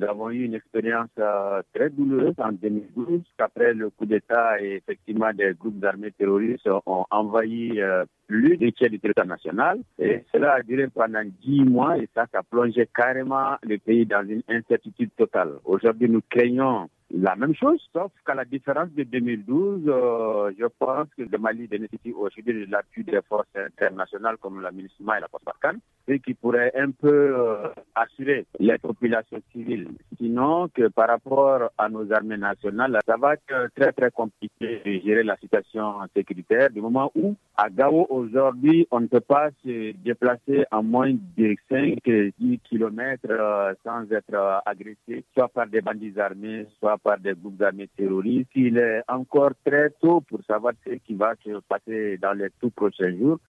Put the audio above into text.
nous avons eu une expérience euh, très douloureuse en 2012, qu'après le coup d'État et effectivement des groupes armés terroristes ont envahi euh, plus de tiers du territoire national. Et cela a duré pendant dix mois et ça a plongé carrément le pays dans une incertitude totale. Aujourd'hui, nous craignons la même chose, sauf qu'à la différence de 2012, euh, je pense que le Mali bénéficie aujourd'hui de l'appui des forces internationales comme la MINUSMA et la Post et qui pourrait un peu euh, assurer les populations civiles. Sinon, que euh, par rapport à nos armées nationales, ça va être très très compliqué de gérer la situation sécuritaire du moment où à Gao aujourd'hui, on ne peut pas se déplacer en moins de 5 10 km sans être euh, agressé, soit par des bandits armés, soit par des groupes armés terroristes. Il est encore très tôt pour savoir ce qui va se passer dans les tout prochains jours.